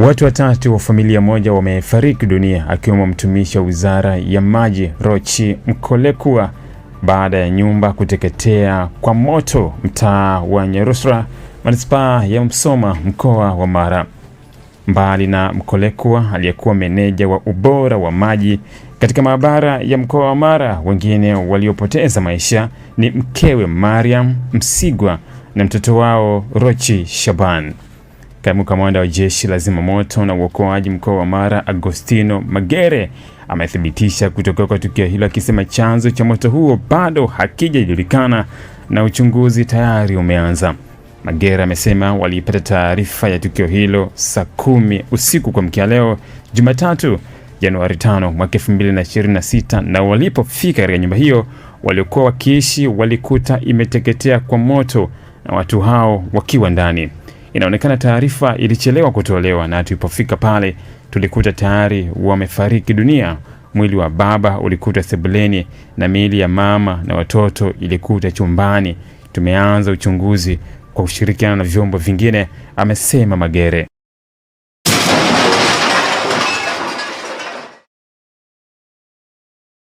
Watu watatu wa familia moja wamefariki dunia akiwemo mtumishi wa Wizara ya Maji Rochi Mkolekua baada ya nyumba kuteketea kwa moto mtaa wa Nyerusra, manispaa ya Musoma, mkoa wa Mara. Mbali na Mkolekua aliyekuwa meneja wa ubora wa maji katika maabara ya mkoa wa Mara, wengine waliopoteza maisha ni mkewe Mariam Msigwa na mtoto wao Rochi Shaban. Kaimu kamanda wa jeshi la zimamoto na uokoaji mkoa wa Mara, Agostino Magere, amethibitisha kutokea kwa tukio hilo akisema chanzo cha moto huo bado hakijajulikana na uchunguzi tayari umeanza. Magere amesema waliipata taarifa ya tukio hilo saa kumi usiku kwa mkia leo Jumatatu Januari 5 mwaka 2026, na walipofika katika nyumba hiyo waliokuwa wakiishi walikuta imeteketea kwa moto na watu hao wakiwa ndani. Inaonekana taarifa ilichelewa kutolewa na tulipofika pale tulikuta tayari wamefariki dunia. Mwili wa baba ulikuta sebuleni na miili ya mama na watoto ilikuta chumbani. Tumeanza uchunguzi kwa kushirikiana na vyombo vingine, amesema Magere.